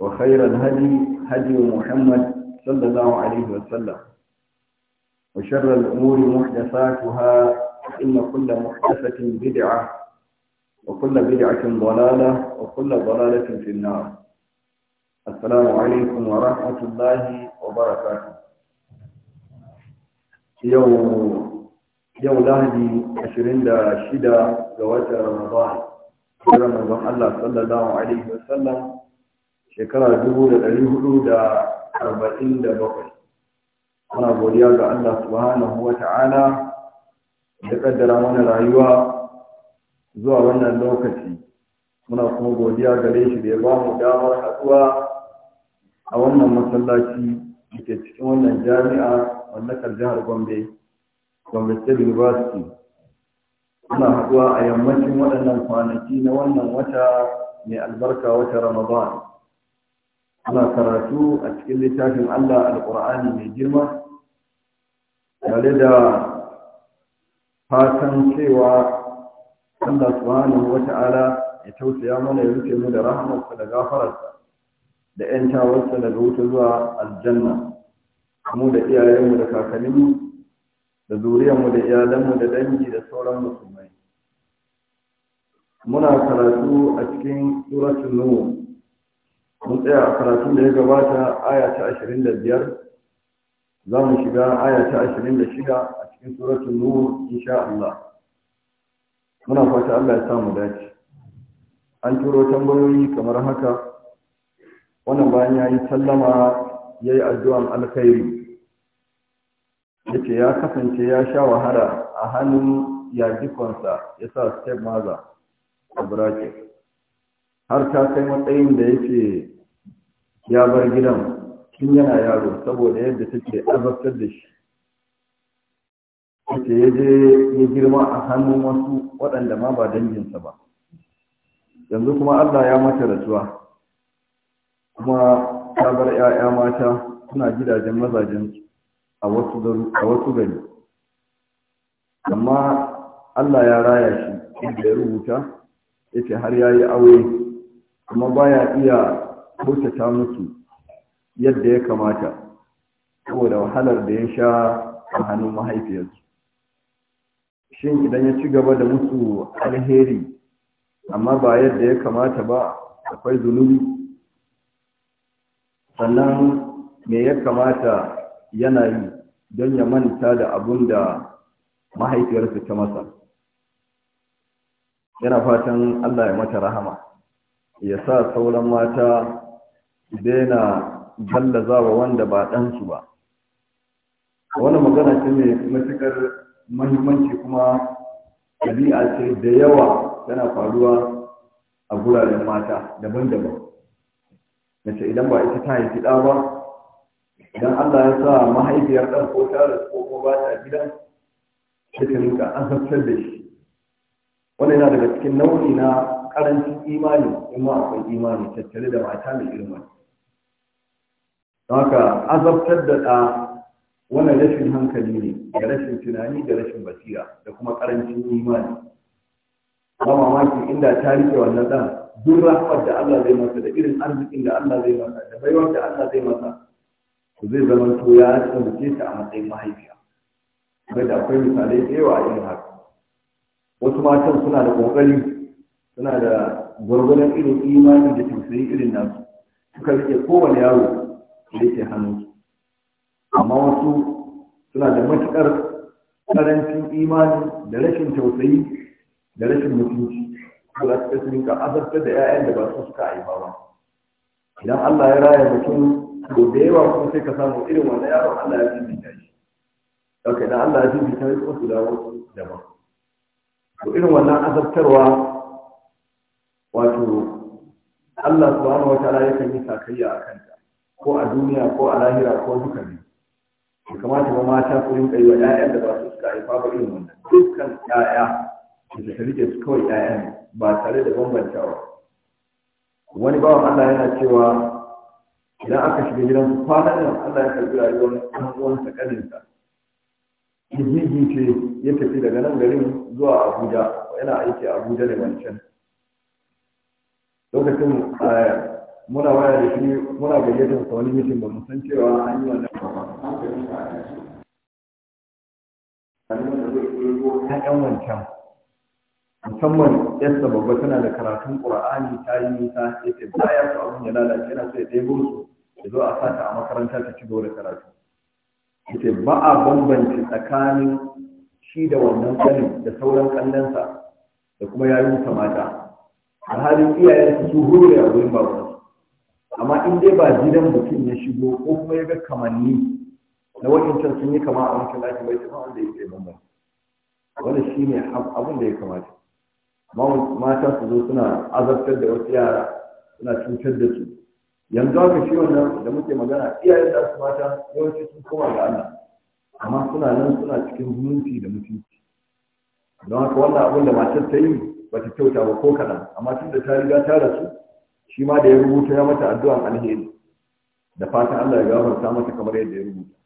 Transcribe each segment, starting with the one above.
وخير الهدي هدي محمد صلى الله عليه وسلم وشر الأمور محدثاتها فإن كل محدثة بدعة وكل بدعة ضلالة وكل ضلالة في النار السلام عليكم ورحمة الله وبركاته يوم يوم لهدي عشرين شدة زواج رمضان رمضان الله صلى الله عليه وسلم shekara dubu da ɗari hudu da arba'in da bakwai muna godiya ga Allah subhanahu wa ta'ala da kaddara mana rayuwa zuwa wannan lokaci muna kuma godiya ga shi da ya ba mu damar haɗuwa a wannan masallaci da ke cikin wannan jami'a mallakar jihar gombe gombe state university muna haɗuwa a yammacin waɗannan kwanaki na wannan wata mai albarka wata ramadan ana karatu a cikin littafin Allah alƙur'ani mai girma tare da fatan cewa Allah subhanahu wata'ala ya tausaya mana ya rufe mu da rahamarsa da gafararsa da ‘yan daga wuta zuwa aljanna mu da iyayenmu da kakanninmu da zuriyarmu da iyalanmu da dangi da sauran musulmai muna karatu a cikin suratul nuhu mun tsaya a karatun da ya gabata aya ta ashirin da biyar za mu shiga aya ta ashirin da shida a cikin suratun nur insha Allah muna fata Allah ya samu dace an turo tambayoyi kamar haka wannan bayan ya yi sallama ya yi addu'an alkhairi ya ce ya kasance ya sha wahala a hannun yajikonsa ya sa step maza a bracket har ta kai matsayin da yake ya bar gidan tun yana yaro saboda yadda take azabtar da shi wace ya je ya girma a hannun wasu waɗanda ma ba danginsa ba yanzu kuma allah ya mata rasuwa kuma ta bar 'ya'ya mata suna gidajen mazajen a wasu gari amma allah ya raya shi inda ya rubuta yake har ya yi aure kuma baya iya ta mutu, yadda ya kamata saboda wahalar da ya sha a hannun mahaifiyarsu shin idan ya ci gaba da musu alheri amma ba yadda ya kamata ba akwai zunubi sannan me ya kamata yana yi don ya manta da abun da mahaifiyarsa ta masa yana fatan allah ya mata rahama ya sa sauran mata daina gallaza wa wanda ba ɗansu ba wani magana ce mai matuƙar mahimmanci kuma ɗabi'a ce da yawa tana faruwa a guraren mata daban-daban mace idan ba ita ta haifi ɗa ba idan Allah ya sa mahaifiyar ɗan ko ta rasu ko kuma ba ta gidan ta ta rinka azabtar da shi wannan yana daga cikin nau'i na karancin imani in ma akwai imani tattare da mata mai ilmai. haka azabtar da ɗa wannan rashin hankali ne da rashin tunani da rashin basira da kuma ƙarancin imani ba mamaki inda ta rike wannan ɗan duk rahmar da Allah zai masa da irin arzikin da Allah zai masa da baiwar da Allah zai masa ku zai zama to ya tsamuke ta a matsayin mahaifiya bai da akwai misalai da yawa a irin haka wasu matan suna da ƙoƙari suna da gwargwadon irin imani da tausayi irin nasu suka rike kowane yaro yake hannunsu amma wasu suna da matuƙar ƙarancin imani da rashin tausayi da rashin mutunci da su sun rinka azabtar da 'ya'yan da ba su suka haifa ba idan Allah ya raya mutum to da yawa kuma sai ka samu irin wannan yaron Allah ya fifita shi dauka da Allah ya fifita shi kuma su dawo daban to irin wannan azabtarwa wato Allah subhanahu wataala yakan yi sakayya a kanta ko a duniya ko a lahira ko duka ne ya kamata ba mata ku rinka yi wa ƴaƴan da ba su suka haifa ba irin wannan dukkan ƴaƴa da ta rike su kawai ƴaƴan ba tare da bambantawa wani bawan Allah yana cewa idan aka shiga gidan su kwanan nan Allah ya karbi rayuwar ɗan kanin sa hijiji ce ya tafi daga nan garin zuwa Abuja yana aiki a Abuja ne wancan lokacin eh, muna waya da shi muna gayyatar sa wani mitin ba mu san cewa an yi wannan yan wancan musamman yadda babba tana da karatun qur'ani ta yi nisa ya ce baya su abin ya lalace yana sai ɗaya su ya zo a sata a makaranta ta ci gaba da karatu ya ce ba a bambance tsakanin shi da wannan kanin da sauran kallonsa da kuma yayin mata a halin iyayen su hure a wurin babansa amma in dai ba gidan mutum ya shigo ko kuma ya ga kamanni na wadancan sun yi kama a wancan ɗakin bai taɓa wanda ya tsaye ba wani shi ne abin da ya kamata mata su zo suna azabtar da wasu yara suna cutar da su yanzu haka shi wannan da muke magana iyayen da su mata yawanci sun koma ga Allah amma suna nan suna cikin zumunci da mutunci don haka wannan abin da matar ta yi ba ta kyauta ba ko kaɗan amma tun da ta riga ta rasu shi ma da ya rubuta ya mata addu'an alheri da fatan Allah ya gafarta mata kamar yadda ya rubuta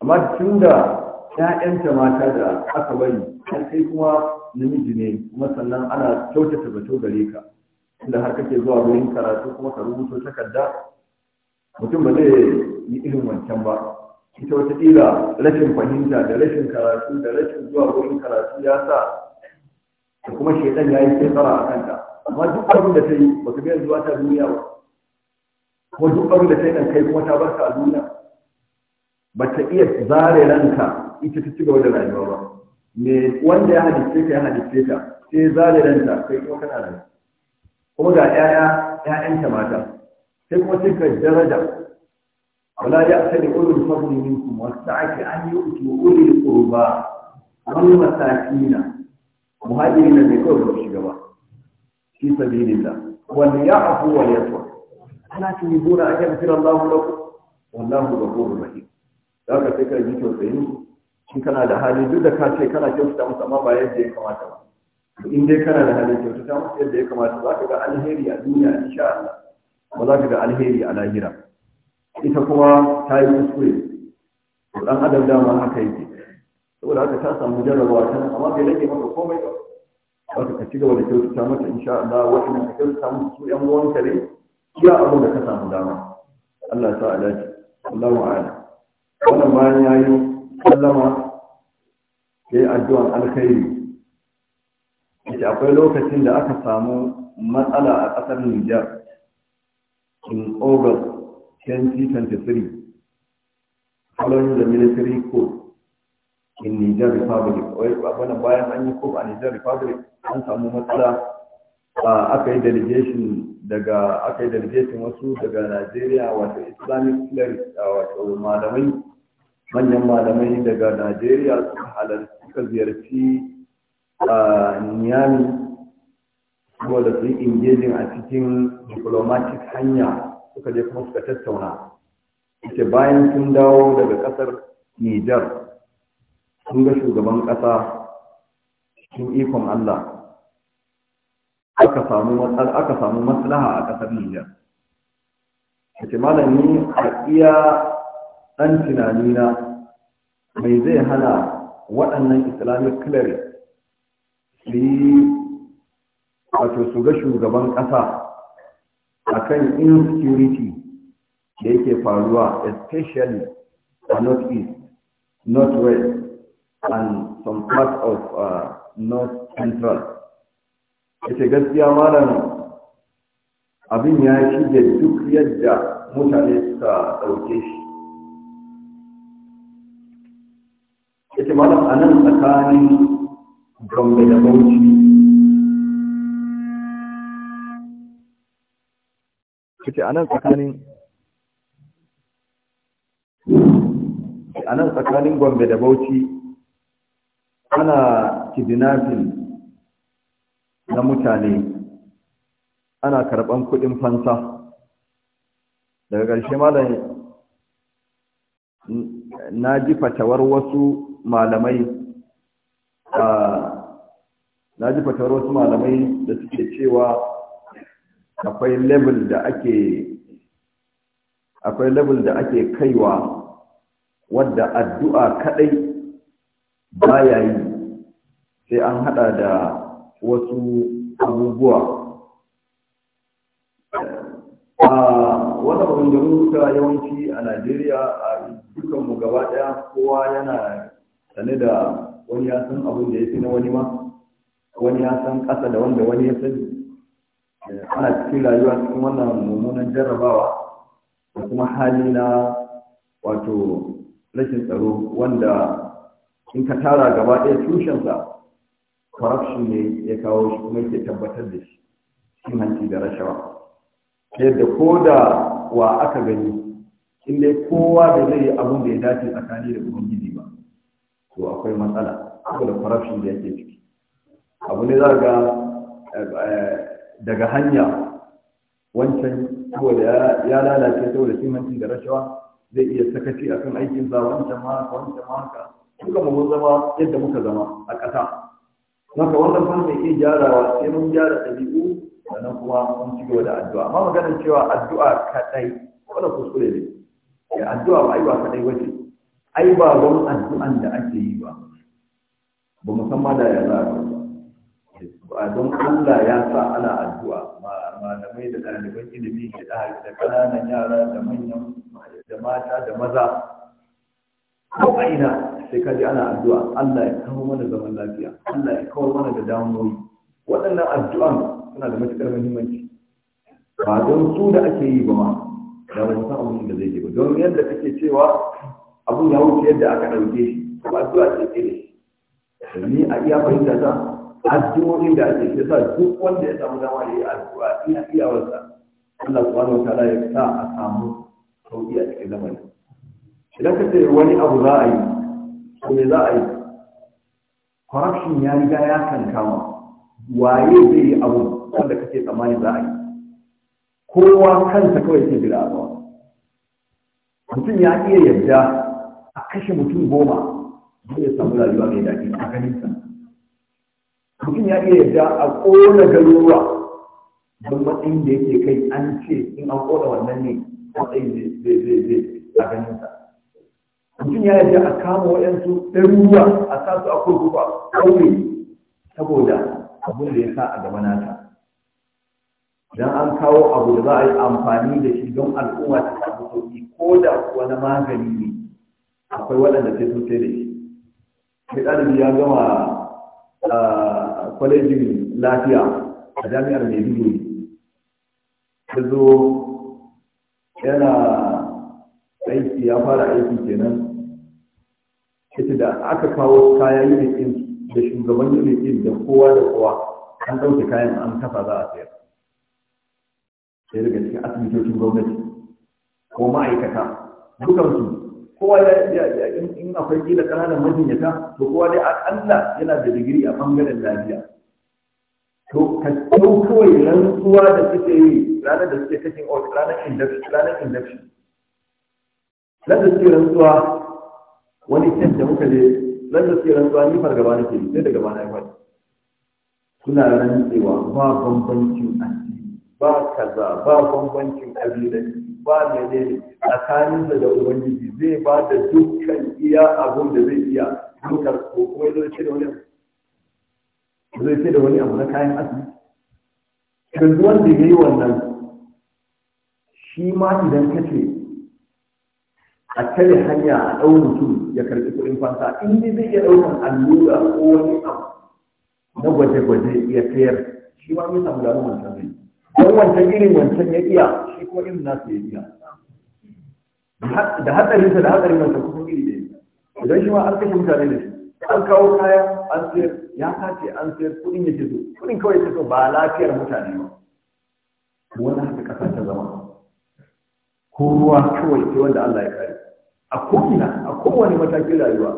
amma tun da ƴaƴanta mata da aka bari har sai kuma namiji ne kuma sannan ana kyautata batu gare ka inda har kake zuwa wurin karatu kuma ka rubuto takarda mutum ba zai yi irin wancan ba ita wataƙila rashin fahimta da rashin karatu da rashin zuwa wurin karatu ya sa da kuma shaidan ya yi sai tsara a kanta amma duk abin da ta yi ba ka ga yanzu ta duniya ba kuma duk abin da ta yi nan kai kuma ta bar ka a duniya ba ta iya zare ranka ita ta ci gaba da rayuwa ba me wanda ya hadice ka ya hadice ka sai zare ranka kai kuma kana rayuwa kuma ga 'ya'ya 'ya'yanta mata sai kuma sai ka daraja wala ya sani ulul fadli minkum wasta'ati an yu'ti ulil qurba wal masakin muhajirin ne kawai ba shiga ba fi sabilillah wal ya'fu wal yasfah ana tuhibuna an yaghfira Allah lakum wallahu ghafurur rahim ka sai ka ji tausayin shi kana da hali duk da ka ce kana kyauta musu amma ba yadda ya kamata ba in dai kana da hali ta musu yadda ya kamata za ka ga alheri a duniya insha Allah ba za ka ga alheri a lahira ita kuma ta yi kuskure dan adam dama haka yake saboda haka ta samu jarrabawa ta amma bai lage maka komai ba haka ka ci gaba da kyautata mata insha Allah wa'annan ka kyautata musu su yan uwanka ne iya abin da ka samu dama Allah ya sa a dace Allahu a'ala wannan bayan yayi sallama sai addu'an alkhairi yace akwai lokacin da aka samu matsala a ƙasar Nijar in August 2023 following the military coup in Niger Republic wannan bayan an yi kofa a Niger Republic an samu matsala aka yi delegation daga aka yi delegation wasu daga Nigeria wato Islamic clerics wato malamai manyan malamai daga Najeriya suka halarci suka ziyarci Niamey saboda su yi engaging a cikin diplomatic hanya suka je kuma suka tattauna. Ita bayan sun dawo daga ƙasar Nijar sun ga shugaban ƙasa cikin ikon Allah aka samu matsalaha maslaha a ƙasar Nijar kace malami a iya ɗan tunani na mai zai hana waɗannan islamic cleric su yi wato su ga shugaban ƙasa kan insecurity da yake faruwa especially a north east north west. and some parts of uh, north central ita gaskiya malam abin ya shige duk yadda mutane suka ɗauke shi ita malam a nan tsakanin gombe da bauchi ita a nan tsakanin a nan tsakanin gombe da bauchi ana kidnapping na mutane ana karban kuɗin fansa daga ƙarshe malam na ji fatawar wasu malamai na ji fatawar wasu malamai da suke cewa akwai level da ake akwai level da ake kaiwa wadda addu'a kadai baya yi sai an hada da wasu abubuwa a wata ɓangaren muka yawanci a najeriya a dukanmu gaba daya kowa yana sane da wani ya san abin da ya fi na wani ma wani ya san ƙasa da wanda wani ya sani ana cikin rayuwa cikin wannan mummunan jarrabawa da kuma hali na wato rashin tsaro wanda in ka tara gaba daya tushensa corruption ne ya kawo shi kuma yake tabbatar da shi cin hanci da rashawa yadda ko da wa aka gani in dai kowa da zai yi abun da ya dace tsakani da ubangiji ba to akwai matsala da corruption da yake ciki abu ne za ga eh, daga hanya wancan saboda ya lalace saboda cin hanci da rashawa zai iya sakaci akan aikin sa wancan ma wancan ma haka duka mu zama yadda muka zama a ƙasa haka wanda kuma mai iya gyarawa sai mun gyara ɗabi'u sannan kuma mun ci gaba da addu'a amma magana cewa addu'a kaɗai wannan kuskure ne ya addu'a ba ai ba kaɗai ba ce ai ba wani addu'an da ake yi ba ba mu san ma da ya za a don Allah ya sa ana addu'a malamai da ɗaliban ilimi da da ƙananan yara da manyan da mata da maza ko ina sai ka ji ana addu'a Allah ya kawo mana zaman lafiya Allah ya kawo mana da damuwoyi waɗannan addu'an suna da matuƙar muhimmanci ba don su da ake yi ba ma da ba san abin da zai je ba don yadda kake cewa abin ya wuce yadda aka ɗauke shi ba addu'a ce ke da ni a iya fahimta ta addu'o'in da ake shi sa duk wanda ya samu dama ya yi addu'a iya iyawarsa Allah subhanahu wa ta'ala ya sa a samu sauki a cikin zamanin. idan ka ce wani abu za a yi ko me za a yi corruption ya riga ya kan kama waye zai yi abu wanda kake tsammani za a yi kowa kansa kawai ke jira a mutum ya iya yadda a kashe mutum goma zai ya samu rayuwa mai daɗi a ganinsa mutum ya iya yadda a ƙona garuruwa don matsayin da yake kai an ce in an ƙona wannan ne matsayin zai zai zai a ganinsa mutum ya yarda a kama waɗansu ɗaruruwa a sa su a kurkuku a ƙauye saboda abin da ya sa a gaba nata idan an kawo abu da za a yi amfani da shi don al'umma ta samu sauki ko da wani magani ne akwai waɗanda sai sun sai da shi sai ɗalibi ya gama kwalejin lafiya a jami'ar maiduguri ya zo yana aiki ya fara aiki kenan ita da aka kawo kaya unikin da shugaban din da kowa da kowa an ɗauke kayan an kafa za a sayar sai daga cikin asibitocin gwamnati ko ma'aikata dukansu kowa ya in akwai kila ƙananan majinyata to kowa dai aƙalla yana da digiri a ɓangaren lafiya to ka ɗau kawai rantsuwa da suke yi ranar da suke kashin ranar induction lalle suke rantsuwa wani kyan da muka je lalle suke rantsuwa ni fargaba na nake sai da gaba na yi faɗi rantsewa ba bambancin addini ba kaza ba bambancin kabilanci ba menene tsakanin da ubangiji zai ba da dukkan iya abun da zai iya dukkan ko kuma zai ce da wani zai ce da wani abu na kayan asibiti yanzu wanda ya yi wannan shi ma idan ka ce a tare hanya a ɗau mutum ya karɓi kuɗin fansa in dai zai iya ɗaukan allura ko wani abu na gwaje-gwaje ya sayar shi ma mai samu damu wancan zai don wancan irin wancan ya iya shi ko irin nasu ya iya da hatsarinsa da hatsarin wancan kuma iri da ya idan shi ma an kashe mutane da shi an kawo kaya an sayar ya sace an sayar kuɗin ya ce so kuɗin kawai ya ce so ba lafiyar mutane ba wani haka ƙasa ta zama ko ruwa kawai sai wanda Allah ya kare a ko'ina a kowane matakin rayuwa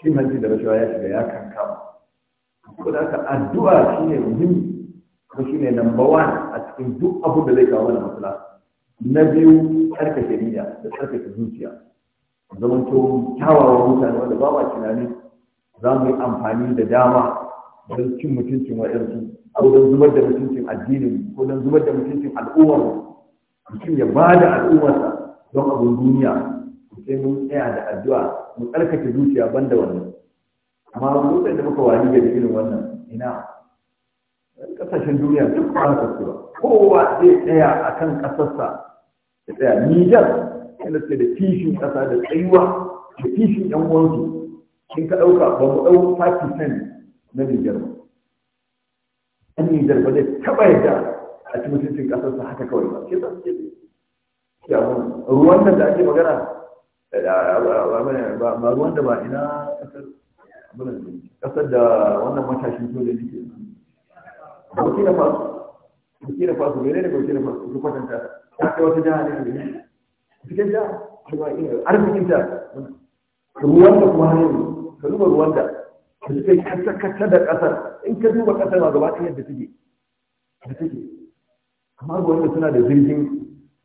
cin hanci da rashawa ya shiga ya kankama ko da haka addu'a shine muhimmi kuma shine number one a cikin duk abu da zai kawo da matsala na biyu tsarkake niyya da tsarkake zuciya zaman kyawawan mutane wanda ba ma tunani za mu yi amfani da dama don cin mutuncin wa'yansu ko don zubar da mutuncin addinin ko don zubar da mutuncin al'ummar mutum ya ba da al'ummarsa don abin duniya sai mun tsaya da addu'a mu tsarkake zuciya banda wannan amma lokacin da muka wani da irin wannan ina kasashen duniya duk ba su ba kowa zai tsaya a kan ƙasarsa ya tsaya nijar yana ce da kishin ƙasa da tsayuwa da kishin yan uwansu in ka ɗauka ba mu ɗau 5% na nijar ba ɗan nijar ba zai taɓa yadda a cikin mutuncin ƙasarsa haka kawai ba ke sa suke ruwan nan da ake magana ba ruwan da ba ina kasar da wannan matashin to sojoji ke burkina faso burkina faso mene ne burkina faso su kwatanta ta kai wata jiha ne ne cikin jiha arzikin ta ruwan da kuma hanyoyi ka duba ruwan da da suka yi kasa da kasar in ka duba kasar ma gaba ɗaya da suke da suke amma ruwan da suna da jirgin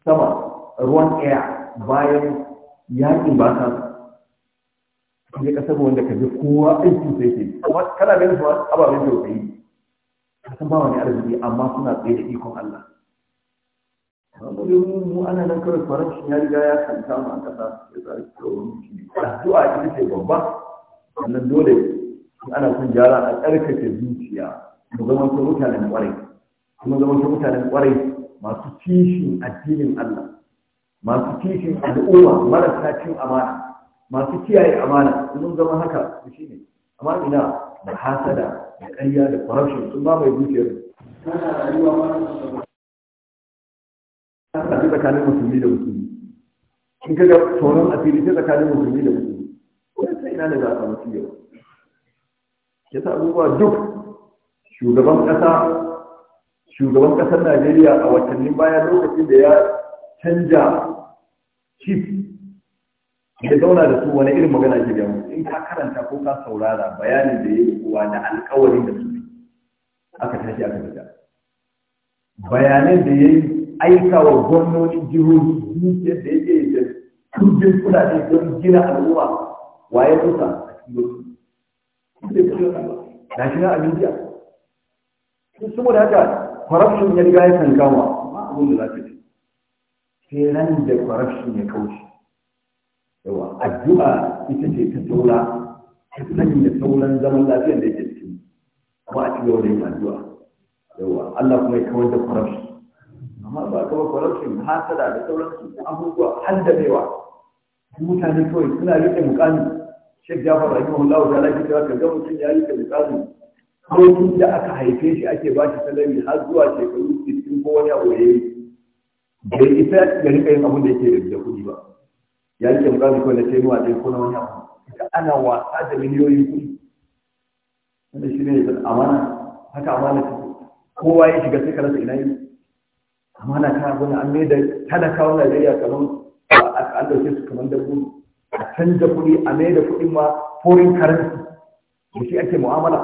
sama ruwan air bayan yakin ba ta je ƙasar wanda ka kowa aiki sai ke amma kana ganin su ababen yi. ka san ba wani arziki amma suna tsaye da ikon Allah amma da mu ana nan kawai faranshi ya riga ya kanta mu a kasa ya tsari kawai shi addu'a ita ce babba sannan dole ana son gyara a tsarkake zuciya mu zama mutanen kwarai kuma zama mutanen kwarai masu kishin addinin Allah masu kishin al'umma marasa cin amana masu kiyaye amana sun zama haka su shine, amma ina da hasada da ƙarya da corruption sun ba mai zuciyar a tsakanin musulmi da musulmi in ka ga tsoron asiri sai tsakanin musulmi da musulmi wani sai ina da za a samu cigaba ya sa abubuwa duk shugaban ƙasa shugaban ƙasar najeriya a watannin baya lokacin da ya canja chief da zauna da su wani irin magana ke gaya in ka karanta ko ka saurara bayanin da ya yi kuwa da alkawarin da su aka tashi aka fita bayanin da ya yi aikawa wa gwamnonin jihohi dukiyar da yake da turbin kudade don gina al'umma waye kusa a cikin su na shi na abin jiya saboda haka corruption ya riga ya kankama ba abin da za ka ce sai ran da corruption ya kauce yawa addu'a ita ce ta saura ta sani da sauran zaman lafiya da yake cikin amma a cikin wani addu'a yawa Allah kuma ya kawar da corruption amma ba ba corruption hasada da sauransu abubuwa haddabewa mutane kawai suna rike mukami shek Jafar allah ta'ala ke cewa ga mutum ya rike mukami kawai da aka haife shi ake ba shi salami har zuwa shekaru 60 ko wani abu yi. bai isa ya rika yin abin da yake da kuɗi ba ya rike mukami kawai na taimawa ɗaya ko na wani abu da ana wasa da miliyoyin kuɗi wanda shi ne amana haka amana ta kowa ya shiga sai ka rasa ina yi amana ta gona an mai da talakawan Najeriya kamar an ɗauke su kamar dabbobi a canza kuɗi a mai da kuɗin ma foreign currency da shi ake mu'amala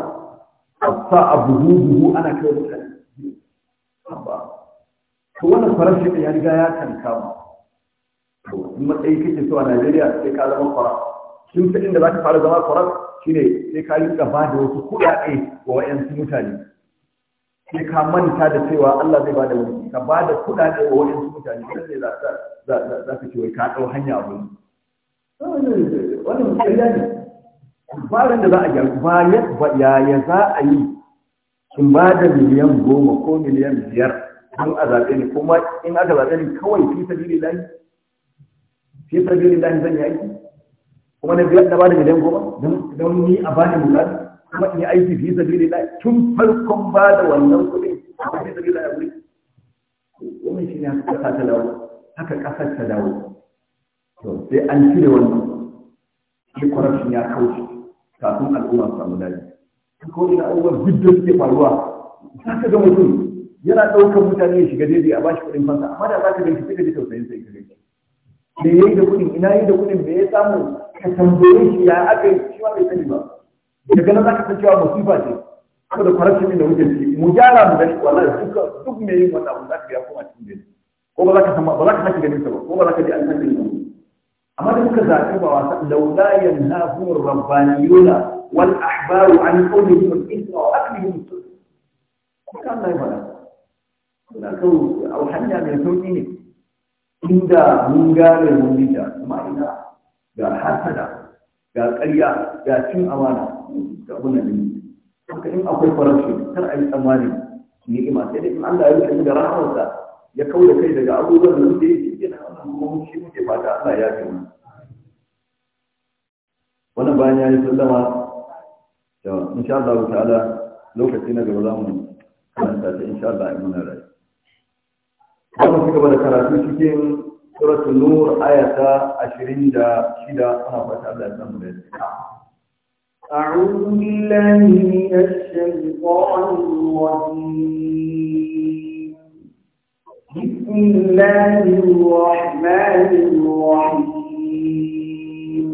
a sa a buhu buhu ana kai mutane to wannan farashi ya riga ya kankama to in matsayi kake so a Najeriya sai ka zama kwarar shin sai inda zaka fara zama kwarar shine sai ka yi ba da wasu kuɗaɗe wa wayansu mutane sai ka manta da cewa Allah zai bada wani ka bada kuɗaɗe wa wayansu mutane sai ne za za za ka ce wai ka dau hanya abun wannan kariya ne kubarin da za a gyaru ba ya za a yi in ba da miliyan goma ko miliyan biyar don a zaɓe ni kuma in aka zaɓe ni kawai fi sabili lahi fi sabili lahi zan yi aiki kuma na biya da bada miliyan goma don ni a bani mulan kuma in yi aiki fi sabili lahi tun farkon ba da wannan kuɗin kuma fi sabili lahi wuri kuma shi ne haka ƙasa ta dawo haka ƙasar ta dawo to sai an cire wannan sai corruption ya kauce kafin al'umma su samu dadi ko ina abubuwan duk da suke faruwa za ka ga mutum yana ɗaukar mutane ya shiga daidai a bashi kuɗin fansa amma da za ka ganci da tausayin sai ka ganci me yayi da kuɗin ina yayi da kuɗin me ya samu ka tambaye shi ya aka yi shi ma bai sani ba da nan za ka san cewa musifa ce saboda corruption din da muke ciki mu gyara mu gani wallahi duka duk me yin wannan abu za ka ga kuma cikin gari ko ba za ka san ba za ka saki ganin sa ba ko ba za ka ji an san ba amma da muka zaɓi ba wasa laula yanhahum rabbaniyuna wal ahbaru an qawlihim al-ithma wa aklihim al-sukhra ko kan nan ba suna kawai a hanya mai sauƙi ne inda mun gane mun bi ta amma ga hasada ga ƙarya ga cin amana ga abin da haka in akwai farashi, kar a yi tsammani ni'ima sai dai in Allah ya rufe da rahamarsa ya kauda kai daga abubuwan da da yake yana wannan kuma shi muke fata Allah ya kai mu wannan bayan ya yi sallama to insha Allah ta'ala lokaci na gaba za mu karanta ta insha Allah in muna rayu Zamu ci gaba karatu cikin suratul nur ayata 26 ana fata Allah ya samu da أعوذ بالله من الشيطان الرجيم بسم الله الرحمن الرحيم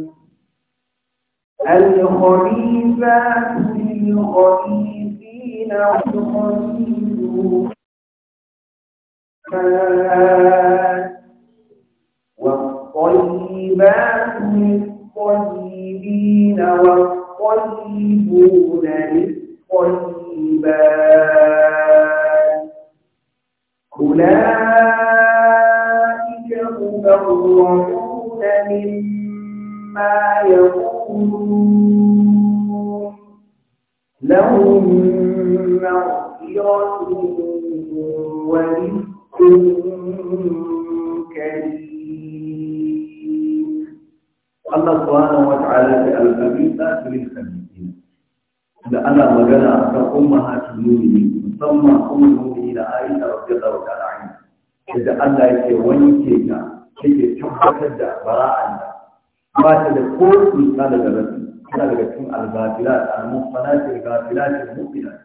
الخبيثات للخبيثين والخبيثون الرحمن والطيبات للطيبين والطيبون للطيبات أولئك مبرعون مما يقولون لهم مغفرة ورزق كريم الله سبحانه وتعالى الخبيثات للخبيثين da ana magana a kan ummahatul mu'minin musamman ummul mu'minin Aisha radiyallahu ta'ala anha da Allah yake wanke ta ke tabbatar da bara'an ba ta da ko sun tsala da rabi tana daga cikin al da al-muqfanat al-ghafilat al-muqfinat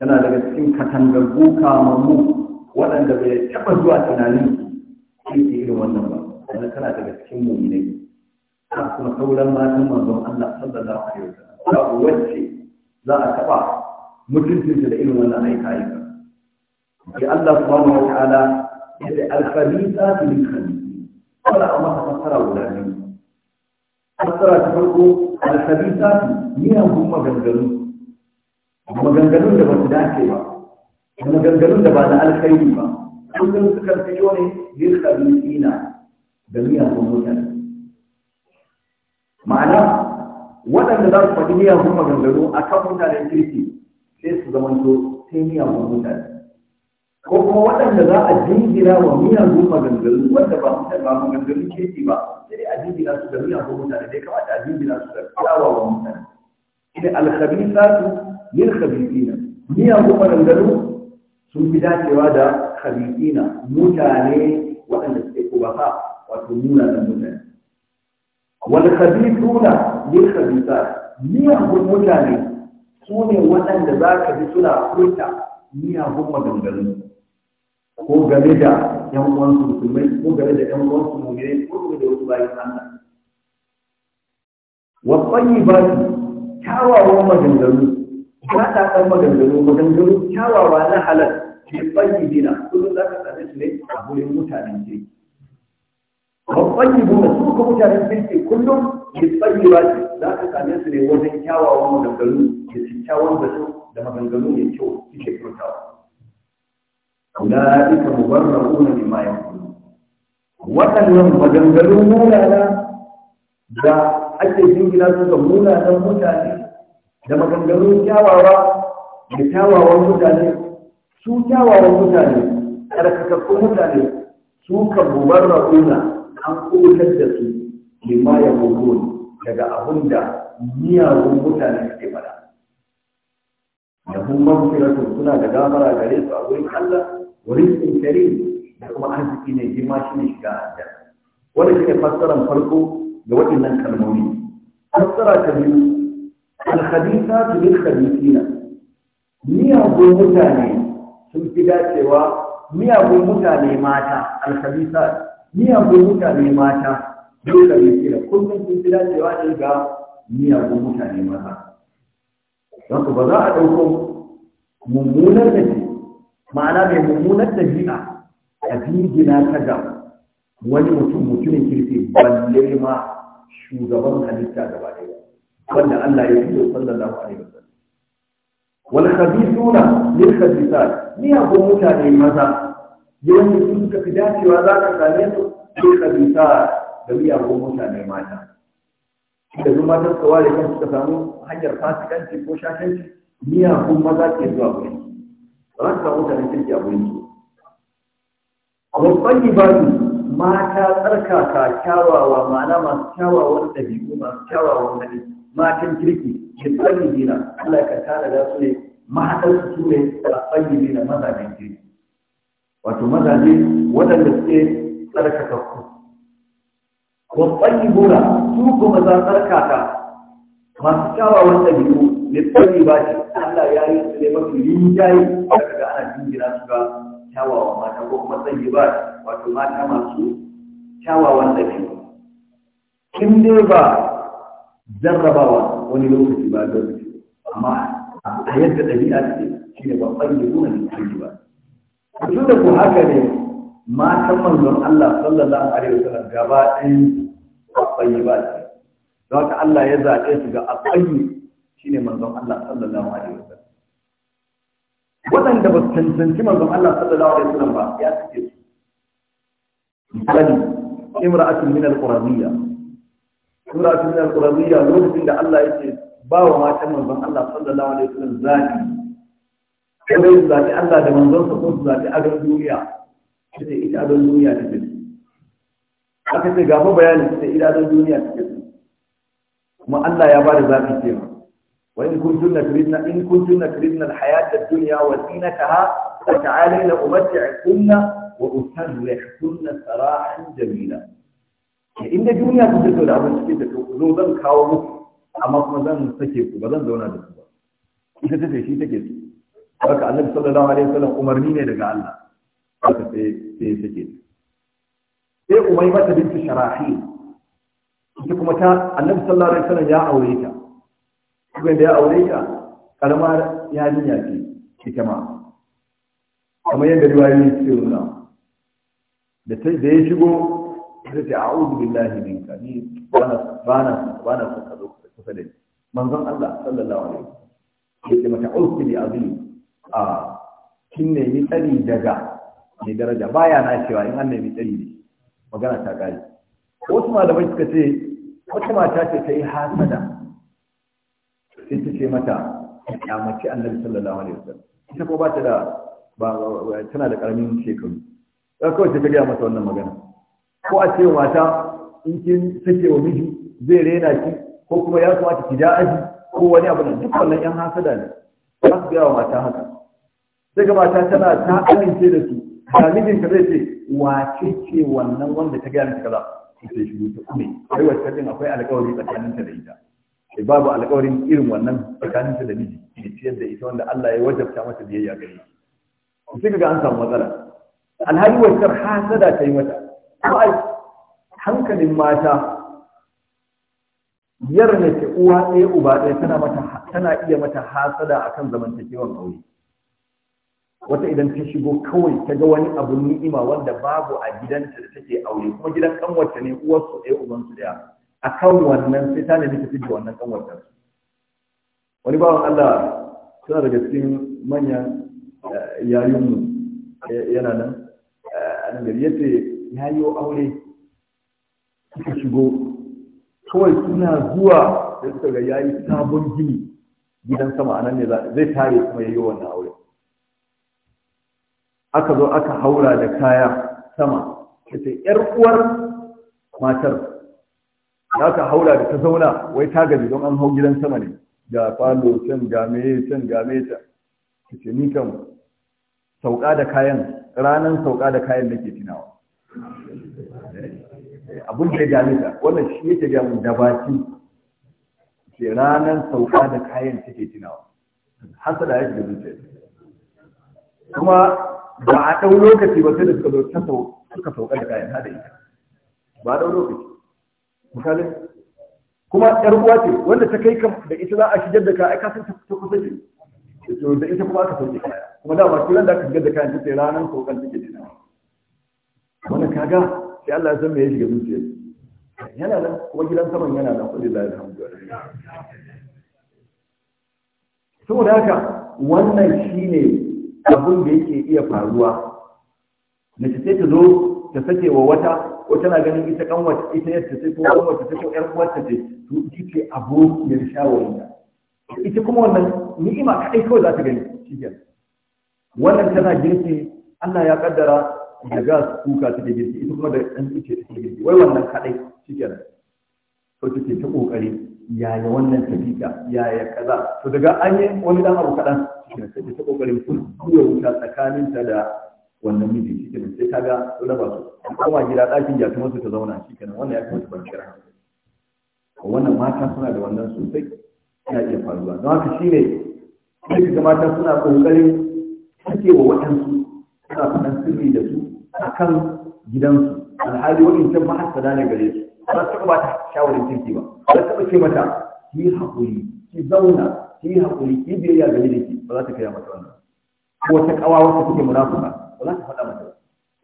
tana daga cikin katangagu kamammu waɗanda bai taɓa zuwa tunanin su ke irin wannan ba wani kana daga cikin muminai a kuma sauran matan manzon Allah sallallahu alaihi wasallam ba wacce za a taɓa mutuncinta da irin wannan aika aika Ya Allah subhanahu wa ta'ala ya ce al-khabitha bil khabith wala amma ta fara guda biyu fassara ta farko al-khabitha miyagun maganganu maganganun da ba su dace ba da maganganun da ba na alkhairi ba kullum sukan fito ne bil khabithina da miyagun mutane ma'ana waɗanda za su faɗi miyagun maganganu a kan mutanen kirki sai su zamanto sai miyagun mutane ko kuma waɗanda za a jingina wa miyagun maganganu wanda ba mutane ba maganganun kirki ba sai a jingina su da miyagun mutane dai kamata a jingina su da kyawawan mutane ina alkhabisatu lil khabithina miyagun maganganu sun fi dacewa da khabithina mutane waɗanda suke kubaha wato nuna da mutane wal na yi khabithat miyagun mutane su ne waɗanda za ka ji suna furta miyagun maganganu ko game da yan uwansu musulmai ko game da yan su mummire ko game da wasu bayan Allah wa su kyawawan maganganu ba ta san maganganu maganganu kyawawa na halal bai dina kullum za ka same su ne a gurin mutanen kirki babban yiwu su suka mutanen kirki kullum ba ce za ka same su ne wajen kyawawan maganganu da kyakkyawan zato da maganganu ya kyau suke furtawa ulaika mubarrauna mimma yaqulun waɗannan maganganu munana da ake jingina su ga munanan mutane da maganganu kyawawa da kyawawan mutane su kyawawan mutane tsarkakakkun mutane su kan mubarrauna an kotar da su lima ya gudu daga abin da miyagun mutane suke fada da kun mafiratu suna da damara gare su a wurin Allah wurin tsinkari da kuma arziki ne girma shi ne shiga a aljanna shi ne fassarar farko da waɗannan kalmomi fassara ta biyu alhadisa tu bil khadisina miyagun mutane sun fi dacewa miyagun mutane mata alkhabisa miyagun mutane mata dole ne kira kullum sun fi dacewa ne ga miyagun mutane mata don ba za a ɗauko mummunar da ke ma'ana mai mummunar da ɗabi'a a jirgina ta ga wani mutum mutumin kirki balle ma shugaban halitta gaba ɗaya wanda Allah ya yau sallallahu alaihi wasallam wal khabithuna lil khabithat miyagun mutane maza yawanci su suka fi dacewa za ka same su sai ka bisa da miyagun mutane mata da zuma ta suka ware kan suka samu hanyar fasikanci ko shashanci miyagun maza ke zuwa wuri ba za ka samu mutane kirki a wuri su a babban ibadu mata tsarkaka kyawawa ma'ana masu kyawawan ɗabi'u masu kyawawan hali matan kirki ke tsarki dina Allah ka tana da su ne mahaɗar su ne tsarafai ne na mazajen ke wato mazaje waɗanda suke tsarkaka ku wasan bura su kuma za tsarkaka masu kyawawan biyu ne tsari ba ce Allah ya yi su ne mafi rinjaye aka ga ana jingina su ga kyawawa mata ko kuma tsayi ba wato mata masu kyawawan biyu kin dai ba jarrabawa wani lokaci ba lokaci amma a yadda ɗabi'a ce shi ne babban yi nuna da ke ba Su da ku haka ne matan manzon Allah sallallahu alaihi wasallam gaba ɗayan babban yi ba ce don haka Allah ya zaɓe su ga aƙayi shi ne manzon Allah sallallahu alaihi wasallam waɗanda ba su cancanci manzon Allah sallallahu alaihi wasallam ba ya suke su misali imra'atun min al-quradiyya imra'atun min al-quradiyya lokacin da Allah yake ba wa matan manzon Allah sallallahu alaihi wasallam zaki kada su zaki Allah da manzon sa ko su zaki adon duniya sai ita adon duniya ta ce aka ce gaba bayani sai ita adon duniya ta ce kuma Allah ya bada zaki ce ma wa in kuntunna turidna in kuntunna turidna al-hayat ad-dunya wa zinataha fa ta'alayna umatti'kunna wa usarrihkunna sarahan jamila in da duniya ku zo da abin ke da ku zo zan kawo muku amma kuma zan sake ku ba zan zauna da su ba ita tace shi take su haka annabi sallallahu alaihi wasallam umarni ne daga Allah haka sai sai sake sai umai mata bintu sharahi ita kuma ta annabi sallallahu alaihi wasallam ya aure ta kuma da ya aure ta ya yarinya ce ita ma kamar yadda riwayoyi ce nuna da ta da ya shigo sai ta a'udhu billahi minka ni bana bana bana kusa manzon Allah sallallahu alaihi wasallam yake mata ulki bi azimi a kin ne ni tsari daga ne daraja baya na cewa in an nemi tsari ne magana ta kare wasu malamai suka ce wata mata ce ta yi hasada sai ta ce mata ya mace annabi sallallahu alaihi wasallam ita ko ba ta da ba tana da karamin shekaru sai kawai ta gaya masa wannan magana ko a ce mata in kin sake wa miji zai rena ki ko kuma ya kamata ki da aji ko wani abu nan duk wannan yan hasada ne za su gaya mata haka sai ga mata tana ta amince da su ga mijinka zai ce wace ce wannan wanda ta gaya miki kaza sai shiru ta kuma kai wacce din akwai alƙawari tsakaninta da ita sai babu alƙawarin irin wannan tsakaninta da miji ne ciyar da ita wanda Allah ya wajabta mata biyayya gare shi sai ga an samu matsala alhali wacce hasada ta yi mata hankalin mata biyar ne ke uwa ɗaya uba ɗaya tana mata tana iya mata hasada akan zamantakewar aure wata idan ta shigo kawai ta ga wani abu ni'ima wanda babu a gidanta da take aure kuma gidan kanwarta ne uwarsu ɗaya ubansu ɗaya akan wannan sai ta nemi ta fidda wannan kanwarta wani bawan Allah suna daga cikin manyan eh, yayinmu eh, yana nan eh, a nan gari yace ya yi aure suka shigo kawai suna zuwa da suka ga yayi sabon gini gidan sama anan ne zai tare kuma yayi wannan aure aka zo aka haura da kaya sama kace yar uwar matar ta haura da ta zauna wai ta gaji don an hau gidan sama ne ga falo can ga me can ga me ta ce ni kan sauka da kayan ranan sauka da kayan nake tunawa abin da ya ja ka wannan shi yake ga mun da ke ranar sauka da kayan take tunawa hasada ya shiga zuciya kuma ba a ɗau lokaci ba sai da suka zo ta suka sauka da kayan hada ita ba a ɗau lokaci misali kuma yar uwa ce wanda ta kai da ita za a shigar da ka ai ka san ta kusa ce da ita kuma aka sauke kaya kuma da ba kiran da aka shigar da kayan ta ranar sauka take tunawa Wani kaga sai Allah ya san me ya shiga zuciya yana nan kuma gidan saman yana nan kudi da alhamdulillah saboda haka wannan shine abin da yake iya faruwa mace sai ta zo ta sake wa wata ko tana ganin ita wata ita yadda ta ko kanwata ta ko yar uwarta ce to ita ce abokiyar shawarinta ita kuma wannan ni'ima kai kawai za ta gani shi wannan tana girki Allah ya kaddara da gas kuka take girki ita kuma da ɗan ice take girki wai wannan kaɗai cikin to take ta kokari yaya wannan tafiya yaya kaza to daga an yi wani dan abu kaɗan shikenan take ta kokarin kuya wuta tsakaninta da wannan miji shikenan sai kaga raba su kuma gida ɗakin ya kuma su ta zauna shikenan wannan ya kuma su kwanciyar hankali wannan mata suna da wannan sosai yana iya faruwa don haka shine sai ga mata suna kokarin take wa waɗansu suna faɗan sirri da su akan gidansu alhali waɗancan mahassada ne gare su ba su taɓa ta shawarin kirki ba ba su taɓa ce mata ki haƙuri ki zauna ki haƙuri ki biyayya gare da ki ba za ta kai mata wannan ko wata ƙawa wata kuke munafuka ba za ta faɗa mata ba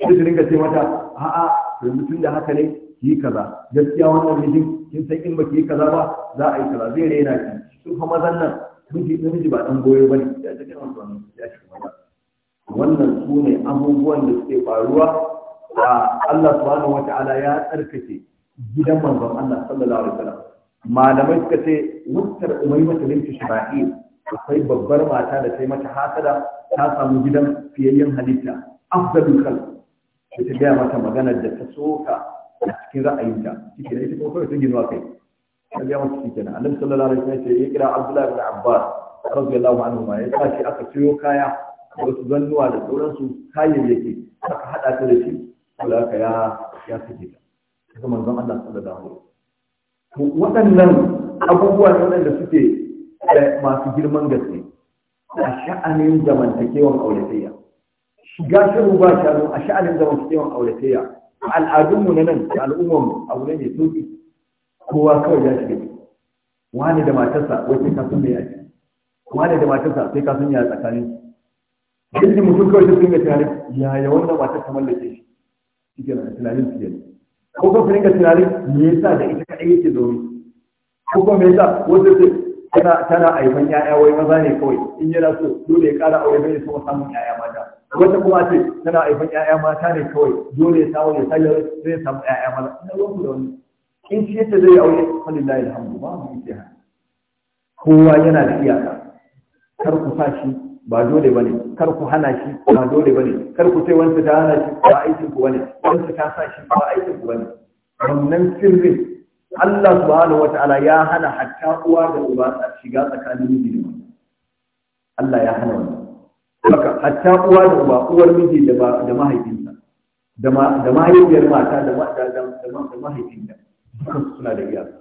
sai su dinga ce mata a'a to yanzu tun da haka ne ki yi kaza gaskiya wannan mijin kin san in ba ki yi kaza ba za a yi kaza zai raina ki sun fa mazan nan miji ba ɗan goyo ba ne ya ce wannan ya ce wannan wannan su ne abubuwan da suke faruwa a Allah subhanahu wata'ala ya tsarkake gidan manzon Allah sallallahu alaihi wasallam malamai suka ce wuktar umayma mata binti shura'i akwai babbar mata da ta mata hasada ta samu gidan fiyayyen halitta afdalul khalq sai ta gaya mata magana da ta soka a cikin ra'ayinta shi ita kuma kawai ta ginuwa kai ta gaya mata shi kenan annabi sallallahu alaihi wasallam ya kira Abdullah ibn Abbas radiyallahu anhu ma ya tashi aka ciyo kaya wasu zannuwa da sauransu kayayyaki aka haɗa ta da shi Allah ka ya ya sake ta kuma manzon Allah sallallahu alaihi wasallam waɗannan abubuwa ne waɗanda suke eh, masu girman gaske a sha'anin zamantakewan auratayya shiga shiru ba shanu a sha'anin zamantakewan auratayya al'adunmu na nan da al'ummarmu abu ne mai sauki kowa kawai ya shiga wani da matarsa wai sai ka san me wani da matarsa sai ka san ya tsakanin jirgin mutum kawai sai dinga tunanin yaya wannan mata ta mallake shi shi ke tunanin su yanzu ko kuma su dinga tunanin me yasa da ita kaɗai yake zaune ko kuma me yasa wata ce tana tana aifan yaya wai maza ne kawai in yana so dole ya ƙara aure bai so samun yaya mata wata kuma ce tana aifan yaya mata ne kawai dole ya samu ya sayar sai ya samu yaya mata ina ruwan da wani in shi yace zai aure alhamdu ba mu yi kowa yana da iyaka kar ku sa shi ba dole ba ne kar ku hana shi ba dole ba ne kar ku sai wanda ta hana shi ba aikin ku bane wanda ta sa shi ba aikin ku bane wannan sirrin Allah subhanahu Ta'ala ya hana hatta uwa da uba a shiga tsakanin miji da Allah ya hana wannan haka hatta uwa da uba uwar miji da da mahaifinta da da mahaifiyar mata da da da mahaifinta suna da iyaka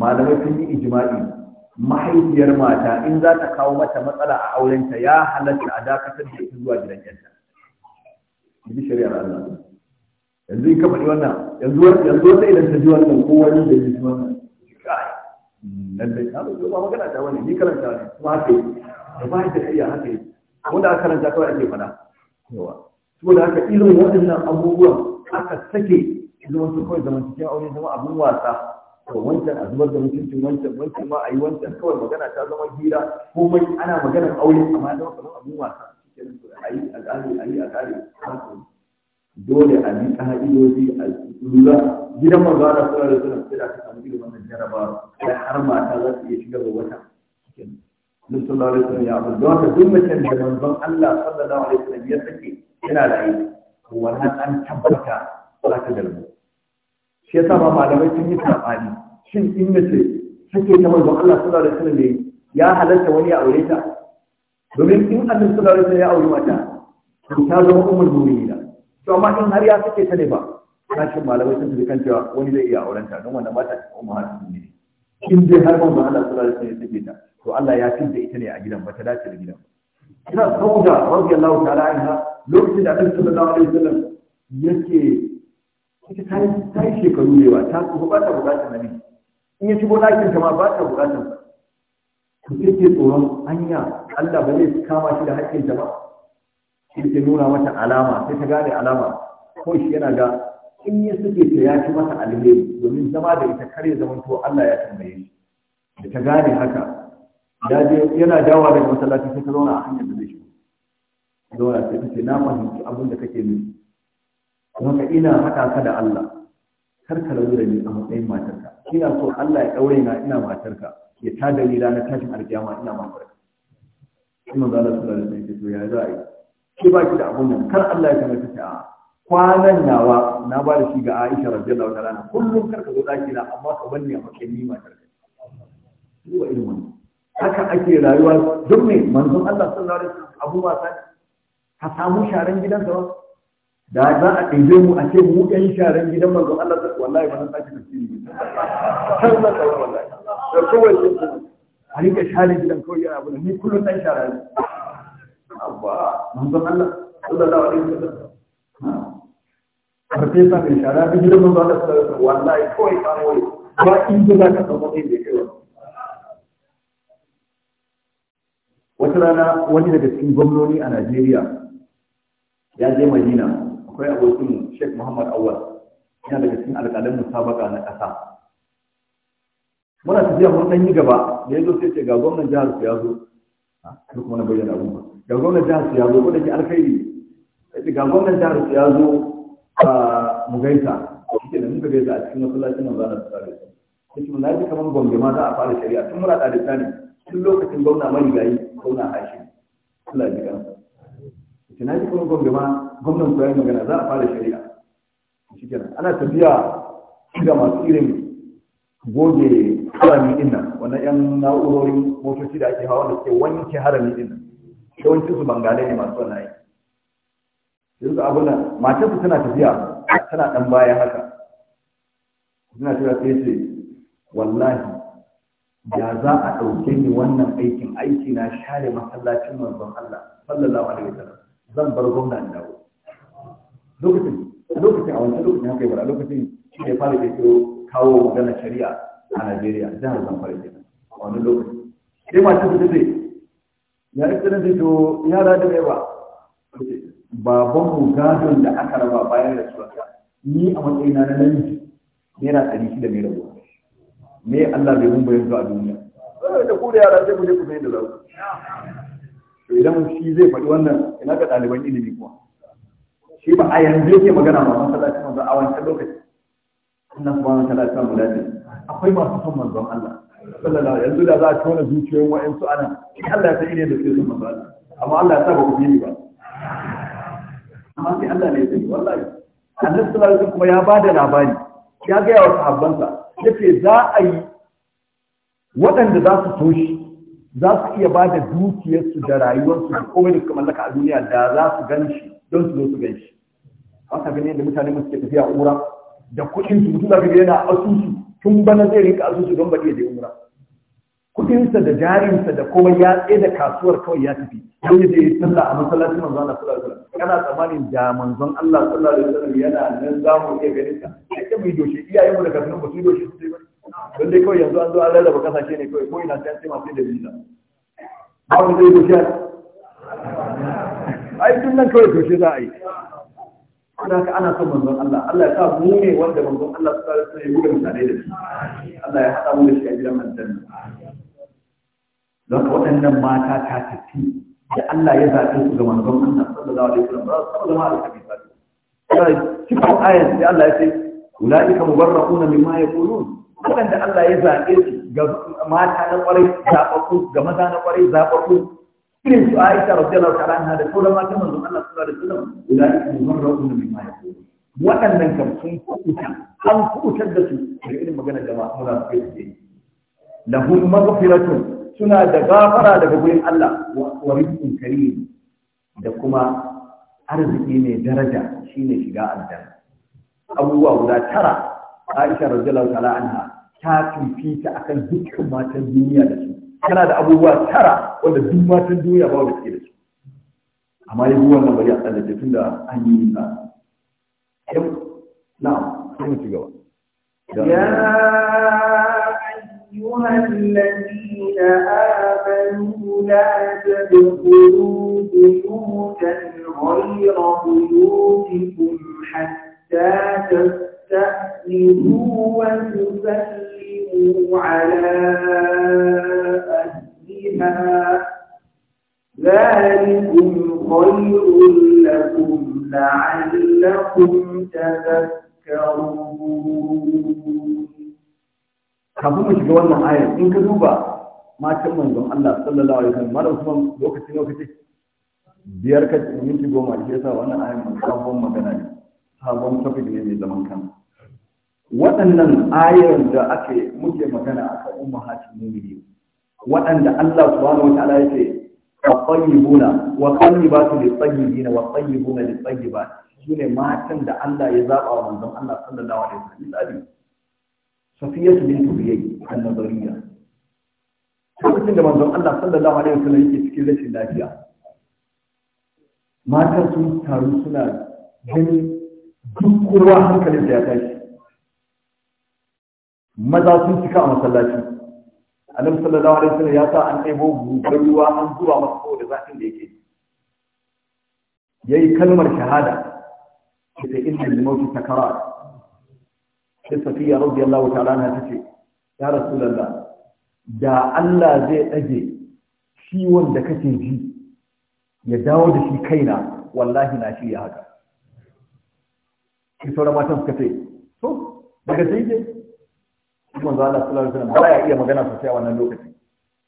malamai sun yi ijma'i mahaifiyar mata in za ta kawo mata matsala a aurenta ya halatta a dakatar da ita zuwa gidan yanta bi shari'ar Allah yanzu in ka faɗi wannan yanzu yanzu wata idan ta ji wannan ko wani da ji wannan dan dai ta ba magana ta wani ni karanta ne kuma haka yi da ba ta iya haka yi wanda aka karanta kawai ake faɗa yawa da haka irin waɗannan abubuwan aka sake zuwa su kawai zaman cikin aure zama abun wasa to wancan a zubar da mutuncin wancan wancan ma a yi wancan kawai magana ta zama hira ko mai ana maganar aure amma da wasu abin wasa a yi a ƙare a yi a ƙare dole a bi a lura gidan manzo da sura da sura sai da aka samu irin wannan jaraba Sai har mata za su iya shiga da wata Nabi sallallahu alaihi wasallam ya abu da wata duk mutum da manzon Allah sallallahu alaihi wasallam ya sake yana da aiki wannan an tabbata za ta dalmu shi ya ma malamai sun yi sabani shin in ce suke ta manzon Allah suna da suna ne ya halarta wani ya aure ta domin in annabi suna da wasallam ya aure mata to ta zama ummul mu'minina to amma in har ya suke ta ne ba shi malamai sun tafi kan cewa wani zai iya auren ta don wanda mata ta ummu hasu ne in dai har manzon Allah suna da suna suke ta to Allah ya fi da ita ne a gidan ba ta dace da gidan ina sauda ta ta'ala ha lokacin da annabi sallallahu alaihi wasallam yake ita ta shekaru da yawa ta kuma ba ta bukatar namiji in ya shigo ɗakin ta ma ba ta bukatar Ku sai tsoron hanya Allah ba zai kama shi da haƙƙin ta ba sai nuna mata alama sai ta gane alama ko shi yana ga in ya suke ta ya ci mata alheri domin zama da ita kare zaman to Allah ya tambaye shi da ta gane haka yana dawa daga masallaci sai ta zauna a hanyar da zai shigo zauna sai ta ce na fahimci abin da kake nufi kuma ka ina haka ka da Allah kar ka rabu da ni a matsayin matarka ina so Allah ya daure na ina matarka ya ta da ni na tashin alƙiyama ina matarka kuma manzo Allah sallallahu alaihi wasallam ya ce ya za a yi ki ba ki da abun nan kar Allah ya kamata ta a kwanan nawa na ba da shi ga Aisha radiyallahu ta'ala kullum kar ka zo daki na amma ka banne a matsayin ni matarka zuwa wa ilmu haka ake rayuwa duk ne, manzon Allah sallallahu alaihi wasallam abu wasa ka samu sharan gidansa ba da za a ɗaiɗe mu a ce mu ɗan sharan gidan manzon Allah ta wallahi ba nan sake tafsiri san nan da wallahi da kowai shi a rinka share gidan kawai yana abu ni kullum ɗan shara ne abba manzon Allah sallallahu alaihi wasallam farfesa mai shara da gidan manzon Allah sallallahu alaihi wasallam wallahi kawai kawai ba in za ka samu ɗaya da kai wata rana wani daga cikin gwamnoni a Najeriya ya je Madina akwai abokinmu Sheikh Muhammad Awal yana daga cikin alƙalin musabaka na ƙasa muna tafiya mun dan yi gaba da ya sai ce ga gwamnan jihar su yazo zo kuma na bayyana abun ba ga gwamnan jihar su yazo ko da ke alkhairi sai ga gwamnan jihar su yazo a mu kike shi da muka gaisa a cikin masallacin nan zan sallallahu alaihi wasallam kuma na ji kamar gombe ma za a fara shari'a tun muna da ne tun lokacin gwamna marigayi gwamna hashi Allah ya ji kansa ce ji kuma gombe ma gwamnan ku ya magana za a fara shari'a shi kenan ana tafiya ga masu irin goge harami din nan wannan yan na'urorin motoci da ake hawa da suke wanke harami din nan yawancin su bangalai ne masu wannan yanzu abin nan matar su tana tafiya tana dan baya haka suna tafiya sai ce wallahi ya za a ɗauke ni wannan aikin aiki na share masallacin manzon Allah sallallahu alaihi wasallam zan bar gwamna in dawo lokacin lokacin a wancan lokacin haka yi bara lokacin shi ne fara kirkiro kawo magana shari'a a Najeriya jihar Zamfara ke a wani lokaci sai ma tafi zai ya ita na zai to yara da yawa baban mu gadon da aka raba bayan da suwata ni a matsayina na nan namiji naira ɗari shida mai rabuwa me Allah bai mun bayan zuwa duniya eh, da ku da yara sai ku je ku sai da zaku to idan shi zai faɗi wannan ina ga ɗaliban ilimi kuma shi ba a yanzu yake magana ba masallacin manzo a wancan lokaci Allah subhanahu wataala ya samu dace akwai masu son manzon Allah sallallahu alaihi yanzu da za a tona zuciyoyin wa'ansu anan Allah ya san ne da ke son manzon Allah amma Allah ya sa ba ku bi ba amma sai Allah ne ya sani wallahi annabi sallallahu alaihi kuma ya ba da labari ya gaya wa sahabbansa yace za a yi waɗanda za su so za su iya ba da dukiyarsu da rayuwarsu da komai da suka mallaka a duniya da za su gan shi don su zo su gan shi ba ka gani yadda mutane masu suke tafiya umra da kuɗin su mutum zaka yana asusu tun bana zai rinka asusu don baɗi ya je umra kuɗinsa da jarinsa da komai ya tsaye da kasuwar kawai ya tafi don ya je sallah a masallacin manzon Allah sallallahu alaihi wasallam kana tsammanin da manzon Allah sallallahu alaihi wasallam yana nan za mu iya ganin ka sai ka mu doshi iyayenmu da kafin ba su doshi su sai ba don dai kawai yanzu an zo an lalaba kasashe ne kawai ko ina sai an ce masu da visa babu zai doshi ai tun nan kawai doshi za a yi kuna ka ana son manzon Allah Allah ya sa mu ne wanda manzon Allah su tsara sai buga misalai da shi Allah ya haɗa mu da shi a gidan manzon don ka waɗannan mata ta tafi da Allah ya zaɓe su ga manzon Allah sallallahu alaihi wasallam ba su zama alƙabi ba cikin ayat sai Allah ya ce ulaika mubarra'una mimma yaqulun waɗanda Allah ya zaɓe su ga mata na ƙwarai zaɓaɓɓu ga maza na ƙwarai zaɓaɓɓu irin su Aisha radiyallahu ta anha da sauran mata manzon Allah da Guda alaihi wasallam ulai mubarra'un mai yaqulun waɗannan kam sun kuɓuta an kuɓutar da su da irin magana da masu munafikai suke yi lahum maghfiratun suna da gafara daga gurin Allah wa rizqun karim da kuma arziki mai daraja shine shiga aljanna abubuwa guda tara عائشة رضي الله تعالى عنها تاتي فيك أكل ذكر ما تنزيني لك كان هذا أبو هو ترى ولا دم ما تنزيني أبو هو كيرك أما يبوا أنا بريء على جفنا أني نعم نعم كم تجوا يا أيها الذين آمنوا لا تدخلوا بيوتا غير بيوتكم حتى تدخلوا تستأنسوا وتسلموا على أهلها ذلكم خير لكم لعلكم تذكرون kafin mu shiga wannan ayar in ka duba matan manzon Allah sallallahu alaihi wasallam malam Usman lokacin lokaci biyar ka minti goma shi yasa wannan ayar mun sabon magana ne sabon topic ne mai zaman kansa waɗannan ayar da ake muke magana a kan umma hatin mumini waɗanda Allah subhanahu wa ta'ala yake tayyibuna wa tayyibatu li tayyibina wa tayyibuna li tayyibat sune matan da Allah ya zaɓa wa manzon Allah sallallahu alaihi wasallam misali Safiya bint Huyay an-Nadariyya lokacin da manzon Allah sallallahu alaihi wasallam yake cikin rashin lafiya Matar sun taru suna gani duk kowa hankalin da ya tashi maza sun cika a masallaci annabi sallallahu alaihi wasallam ya sa an ɗebo gugar ruwa an zuba masa saboda zafin da yake yayi kalmar shahada ita inna limauti sakarat sai safiya radiyallahu ta'ala na tace ya rasulullah da Allah zai ɗage ciwon da kake ji ya dawo da shi kaina wallahi na shirya haka sai sauran matan suka ce to daga sai kuma za Allah sallallahu alaihi wasallam ya iya magana sosai a wannan lokaci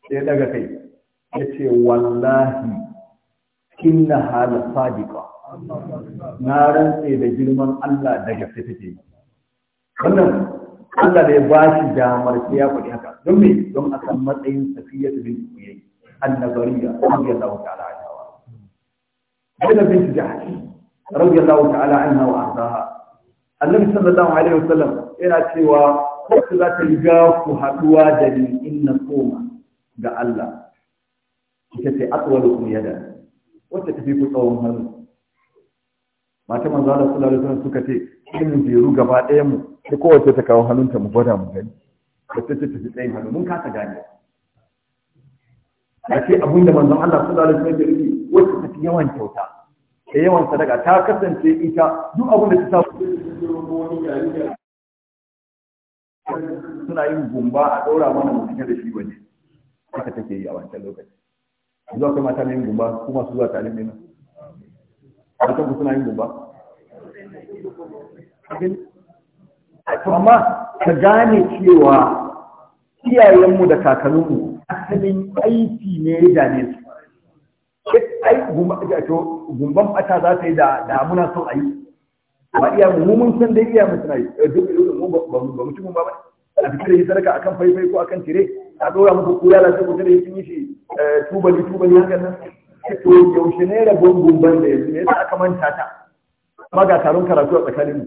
sai ya daga kai ya ce wallahi inna hala sadiqa na rantse da girman Allah da gaske take wannan Allah da ya ba shi damar sai ya faɗi haka don me don a san matsayin safiyatu bin kuyayi annabariya radiyallahu ta'ala anha wa Zainab bint Jahsh radiyallahu ta'ala anha wa ardaha Annabi sallallahu alaihi wasallam yana cewa wacce za ta riga ku haɗuwa da ni in na koma ga Allah ita ce atwalu kuma yada wacce tafi ku tsawon hannu mata manzo Allah sallallahu alaihi suka ce in ru gaba ɗayan mu sai kowace ta kawo hannunta mu gwada mu gani wacce ta tafi tsayin hannu mun kasa gane a ce abin da manzo Allah sallallahu alaihi wasallam ya wacce ta fi yawan kyauta da yawan sadaka ta kasance ita duk abin da ta samu suna yin gumba a ɗora mana mu da shi wani haka take yi a wancan lokaci zuwa kai mata na yin gumba kuma su zuwa talib ne a kan ku suna yin gumba amma ka gane cewa iyayenmu da kakanninmu asalin aiki ne ya dame su ai gumban mata za ta yi da damuna son a yi amma iya mu mun san dai iya mu suna yi eh, duk irin mu ba mu ci mun ba a fitar yi sadaka akan faifai ko akan tire a dora muku ko yara sai ku tare sun yi shi eh, tubali tubali haka nan to yaushe ne rabon gumban da yanzu ne yasa aka manta ta amma ga taron karatu a tsakanin mu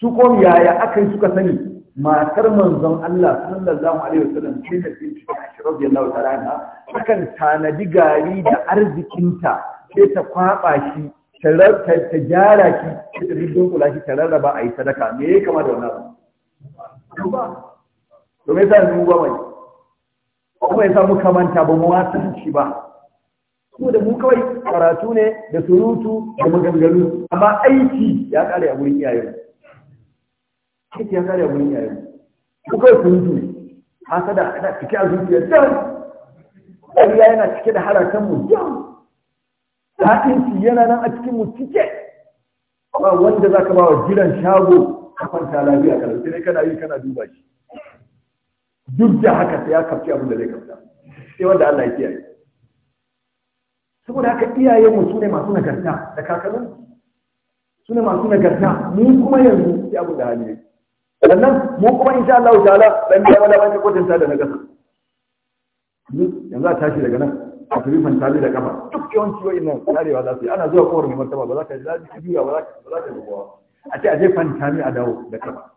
su ko yaya akan suka sani matar manzon Allah sallallahu alaihi wasallam ce da binti Aisha radiyallahu ta'ala anha takan tanadi gari da arzikinta sai ta kwaba shi ta gyara ki ta riddon kula ki ta rarraba a yi sadaka me ya kama da wannan ba to me yasa mu ba mai kuma yasa mu kamanta ba mu shi ba mu da mu kawai karatu ne da surutu da maganganu amma aiki ya kare a wurin iyayen aiki ya kare a wurin iyayen ku kawai surutu ne hasada ana cike a zuciya dan ƙarya yana cike da harakan mu yau ta'inci yana nan a cikin mu cike ba wanda ka ba wa jiran shago ka kwanta lafiya a rubuta ne kana yi kana duba shi duk da haka sai ya kafci abin da zai kafta sai wanda Allah ya kiyaye saboda haka iyayen mu sune masu nagarta da kakannin sune masu nagarta mu kuma yanzu sai abin da hali yake sannan mu kuma insha Allah ta'ala dan da wala wani kwatanta da nagarta yanzu a tashi daga nan a turifan tare da kafa duk yawanci wa'in nan karewa za su yi ana zuwa kowar mai martaba ba za ka ji juya ba za ka yi. kowa a ce a je fantami a dawo da kafa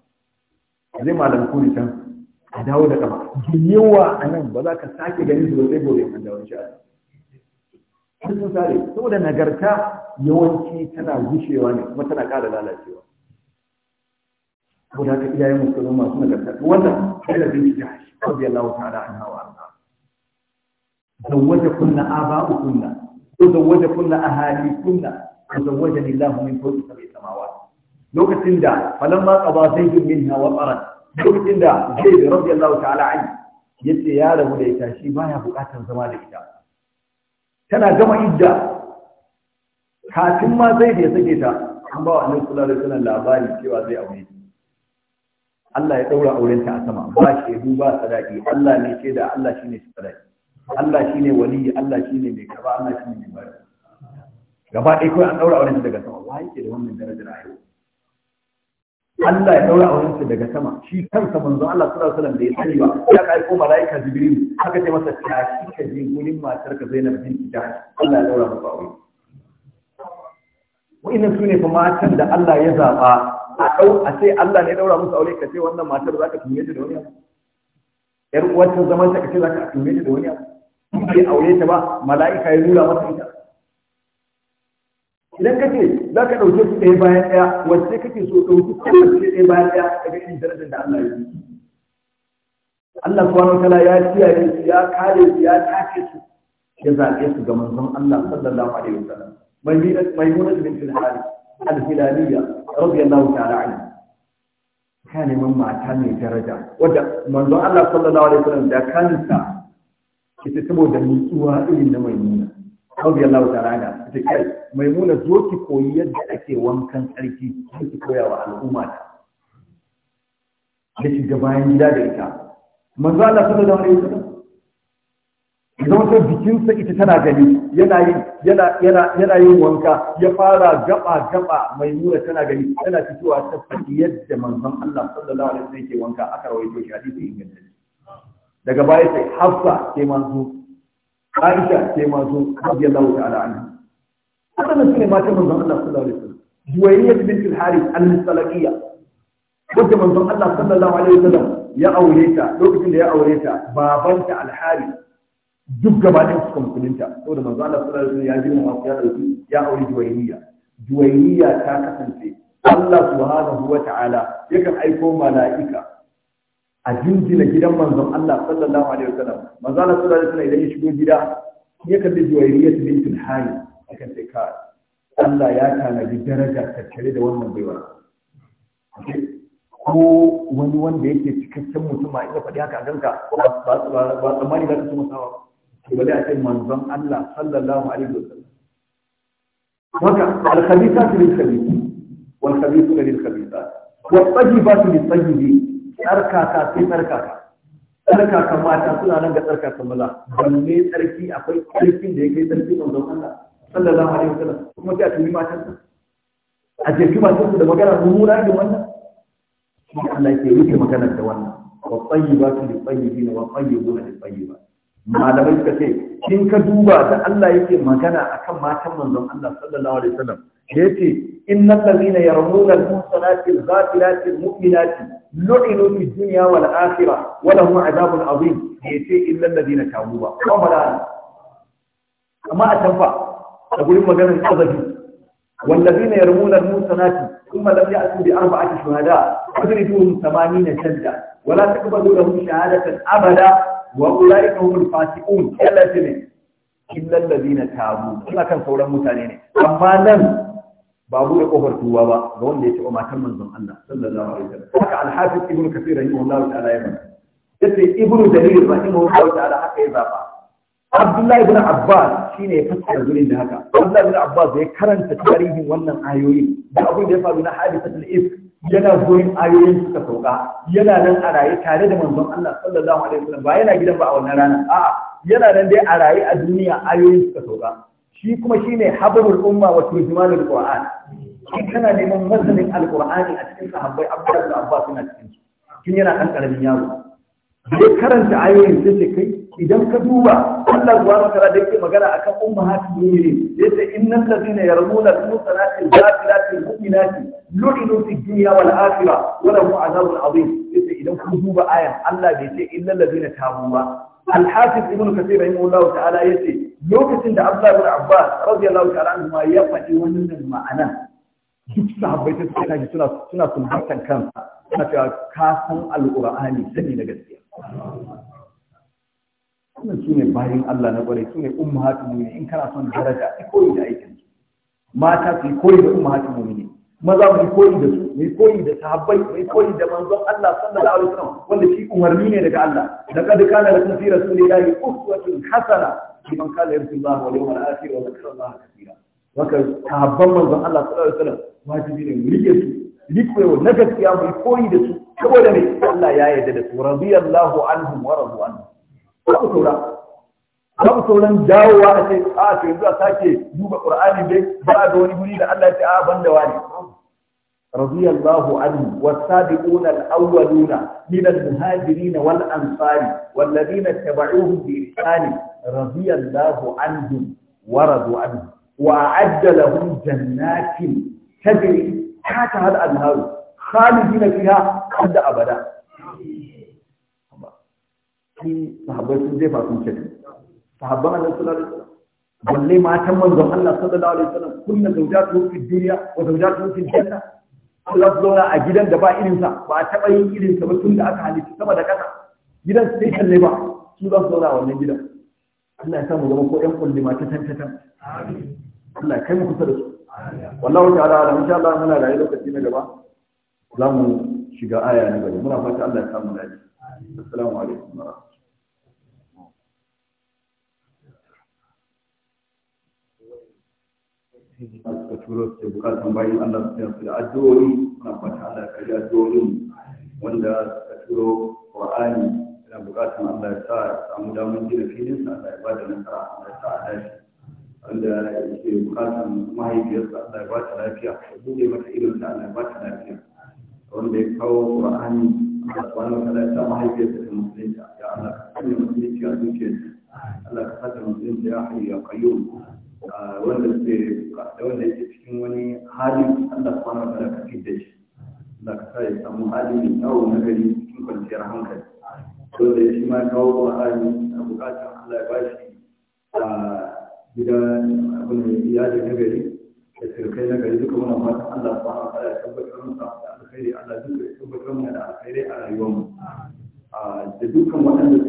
a je malam kuri can a dawo da kafa yawa a nan ba za ka sake ganin su ba sai gobe an dawo insha Allah sun sun sare saboda nagarta yawanci tana gushewa ne kuma tana ƙara lalacewa saboda haka iyayen musulman masu nagarta wannan sai da bin jahash radiyallahu ta'ala anha wa زوجكن آباؤكن وزوجكن أهاليكن وزوجني الله من فوق سبع سماوات لوكتين دا فلما قضى زيد منها وطرا لوكتين دا زيد رضي الله تعالى عنه yace ya rabu da ita shi baya bukatar zama da ita tana gama idda kafin ma zai da ya sake ta an ba wa annabi sallallahu alaihi wasallam labari cewa zai aure ta Allah ya daura aurenta a sama ba shi ba sadaki Allah ne ce da Allah shine shi sadaki Allah shi ne waliyi Allah shi ne mai karba Allah shi ne mai bari gaba ɗaya kawai an ɗaura auren daga sama wa yake da wannan darajar a yau Allah ya ɗaura auren daga sama shi kansa manzo Allah sallallahu alaihi wasallam da ya sani ba ya kai ko malaika Jibril aka ce masa shi, ka je gurin matar ka Zainab binti Jahsh Allah ya ɗaura masa aure wa'annan sune fa matan da Allah ya zaɓa, a ɗau a ce Allah ne ɗaura musu aure ka ce wannan matar za ka ta da wani abu yar uwar ta zaman ta ka ce za ka ta da wani abu in bai aure ta ba mala'ika ya nuna masa ita idan ka ce za ka ɗauke su ɗaya bayan ɗaya wacce kake so ɗauki su ɗaya bayan ɗaya daga irin darajar da Allah ya yi Allah subhanahu wataala ya kiyaye su ya kare su ya take su ya zaɓe su ga manzon Allah sallallahu alaihi wasallam maimunat bint al-harith al-hilaliyya radiyallahu ta'ala anha ta neman mata mai daraja wadda manzon Allah sallallahu alaihi wasallam da kansa ita saboda nutsuwa irin na maimuna rabbi Allah ta rana, ita kai maimuna zo ki koyi yadda ake wankan tsarki ki koya wa al'umma ta da ga bayan gida da ita manzo Allah sallallahu alaihi wasallam idan wata bikinsa ita tana gani yana yin yana yana yana yin wanka ya fara gaba gaba mai tana gani tana fitowa ta faɗi yadda manzon Allah sallallahu alaihi wasallam yake wanka aka rawaito shi hadisi ingantacce daga baya sai hafsa ke masu aisha ke masu radiyallahu ta'ala anha wannan sune matan manzon Allah sallallahu alaihi wasallam juwayriyah bint al-harith al-salaqiyya wacce manzon Allah sallallahu alaihi wasallam ya aure ta lokacin da ya aure ta babanta al-harith duk gabanin suka musulunta saboda manzon Allah sallallahu alaihi wasallam ya ji mu ya dauki ya aure juwayriyah juwayriyah ta kasance Allah subhanahu wa ta'ala yakan aiko mala'ika a jinjina gidan manzon Allah sallallahu alaihi wasallam manzon Allah sallallahu alaihi wasallam idan ya shigo gida ya kalli juwairiyat bint al-hayy akan sai ka Allah ya tanadi daraja tattare da wannan baiwa ko wani wanda yake cikakken mutum a iya faɗi haka a ganka ba tsammani ba ka ci masa ba to bari a ce manzon Allah sallallahu alaihi wasallam haka al-khabithatu lil-khabith wal-khabithuna lil-khabithat wat-tayyibatu lit-tayyibin tsarkaka sai tsarkaka tsarkaka mata suna nan ga tsarkaka maza balle tsarki akwai tsarkin da ya kai tsarki da zan Allah sallallahu alaihi wasallam kuma sai a tuni ta a kuma matan da magana mummuna da wannan Kuma Allah ke rufe magana da wannan wa tayyibatu li tayyibin wa tayyibuna li tayyibin malamai suka ce in ka duba da Allah yake magana akan matan manzon Allah sallallahu alaihi wasallam yace innal ladina yarmuna al-muhsanati al-ghafilati al-mu'minati lu'inu fi dunya wal akhirah wa lahum adhabun azim yace illa alladhina tabu ba kuma da amma a tanfa a gurin maganar azabi والذين يرمون المحصنات ثم لم يأتوا بأربعة شهداء فاضربوهم ثمانين جلدة ولا تقبلوا لهم شهادة أبدا وأولئك هم الفاسقون إلا جميع إلا الذين تابوا إلا كان صورا متانين أما لم ba buɗe kofar tuwa ba ga wanda ya taɓa matan manzon Allah sallallahu alaihi wasallam haka al-hafiz ibnu kathir rahimahullahu ta'ala ya faɗa yace ibnu jarir rahimahullahu ta'ala haka ya zaba Abdullahi ibn Abbas shine ya fassara gurin da haka Abdullahi ibn Abbas ya karanta tarihin wannan ayoyin da abin da ya faru na hadisatul Isk yana gurin ayoyin suka sauka yana nan a raye tare da manzon Allah sallallahu alaihi wasallam ba yana gidan ba a wannan rana a'a yana nan dai a raye a duniya ayoyin suka sauka shi kuma shine habarul umma wa turjumanul qur'an Shi kana neman masanin alqur'ani a cikin sahabbai abdullahi da abbas suna cikin shi. yana kan karamin yaro da karanta ayoyin sai sai kai idan ka duba Allah zuwa wa da yake magana akan ummahatul mu'minin yace innal ladina yarmuna al sanatin zafi, ghafilati al-mu'minati lu'inu fid wal akhirah wa lahum aure. 'azim idan ku duba ayan Allah bai ce illal ladina tabu ba alhafiz ibn kasir rahimahullahu ta'ala ce, lokacin da abdullah Abba abbas radiyallahu ta'ala ya faɗi wannan ma'ana duk sahabbai ta ka tashi suna suna sunhatan kansa suna cewa ka san alqur'ani sani da gaskiya wannan su ne bayan Allah na kwarai su ne ummahatul mu'minin in kana son daraja ki da aikin mata su koyi da ummahatul mu'minin maza mai koyi da su mu koyi da sahabbai mai koyi da manzon Allah sallallahu alaihi wasallam wanda shi umarni ne daga Allah laqad kana lakum fi rasulillahi uswatun hasana liman kana yarju Allah wal yawmal akhir wa dhakara Allah kathira haka sahabban manzon Allah sallallahu alaihi wasallam wajibi ne mu rike su rikewa na gaskiya mu koyi da su saboda ne Allah ya yarda da su radiyallahu anhum wa radu anhum ku saura babu sauran dawowa a ce a ah, to yanzu a sake duba qur'ani dai ba ga wani guri da Allah ya ce a ah, banda wani رضي الله عنه والسابقون الأولون من المهاجرين والأنصار والذين اتبعوهم بإحسان رضي الله عنهم ورضوا عنه وأعد لهم جنات تجري تحتها الأنهار خالدين فيها قد أبدا صحابة سنجي فاطمة شكرا صحابة الله صلى الله عليه وسلم balle matan manzon Allah صلى الله عليه وسلم zawjatu fi في الدنيا zawjatu في الجنه ko su zauna a gidan da ba irinsa ba a taɓa yin irinsa ba tun da aka halitta sama da ƙasa gidan sai kalle ba su za su zauna a wannan gidan Allah ya samu zama ko ƴan kulle ma ta tantatan Allah kai mu kusa da su wallahu ta'ala ala insha Allah muna da lokaci na gaba za mu shiga aya na gaba muna fata Allah ya samu lafiya assalamu alaikum wa rahmatullahi suka turo su bukatan bayan Allah su su da addu'o'i fata Allah ka wanda suka turo yana bukatan Allah ya sa samu damar gina filin sa Allah ya ba da nasara Allah ya sa a dashi wanda yake bukatan mahaifiyarsa Allah ya ba ta lafiya ya bude mata sa Allah ya ba ta lafiya wanda ya kawo Qur'ani Allah subhanahu wa ta'ala ya mahaifiyarsa ta musulunta ya Allah ka sanya musulunci a zuciyarsa Allah ka sanya musulunci ya hayyu ya qayyum wanda suke da wanda yake cikin wani hali Allah subhanahu wa ta'ala ka fidda shi Allah ka sa ya samu hali mai kyau na gari cikin kwanciyar hankali to da shi ma kawo ko Qur'ani a bukatun Allah ya bashi a gida abin da ya ji na gari da sirkai na gari duka muna fatan Allah subhanahu wa ta'ala ya tabbatar mu da alkhairi Allah duka ya tabbatar mu da alkhairi a rayuwarmu da dukkan waɗanda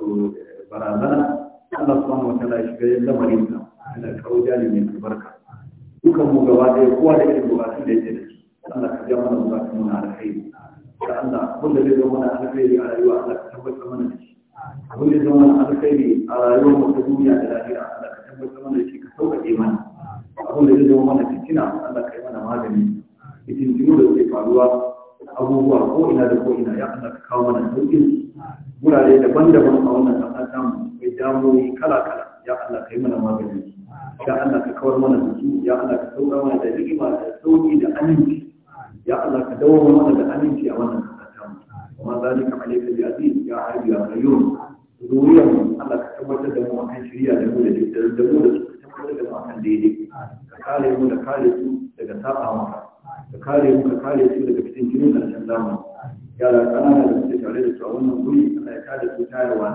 wato barazana Allah subhanahu wataala ya shiga lamarin sa kawo mai albarka dukan mu gaba ɗaya kowa da irin da yake da Allah ka mana Allah da zai mana alkhairi a rayuwa Allah ka mana da shi abin da zai mana alkhairi a mu ta duniya da lafiya Allah ka mana da shi ka sauƙaƙe mana da zai zama mana fitina Allah ka yi mana magani fitintinu da faruwa abubuwa ko ina da ko ina ya Allah ka kawo mana sauƙin daban-daban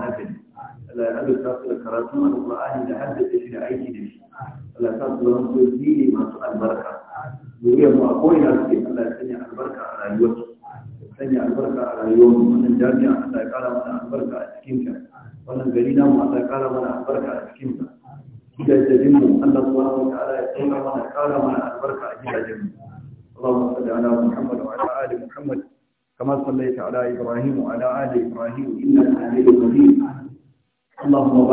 naka ne ta ya azurta su da karatu a Qur'ani da haddace shi da aiki da shi Allah ta su zama sojoji ne masu albarka zuriyar mu a ko'ina suke Allah ya sanya albarka a rayuwarsu sanya albarka a rayuwar mu wannan jami'a a ya mana albarka a cikin wannan gari na mu a kara mana albarka a cikin ta gidajen mu Allah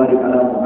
وبارك على محمد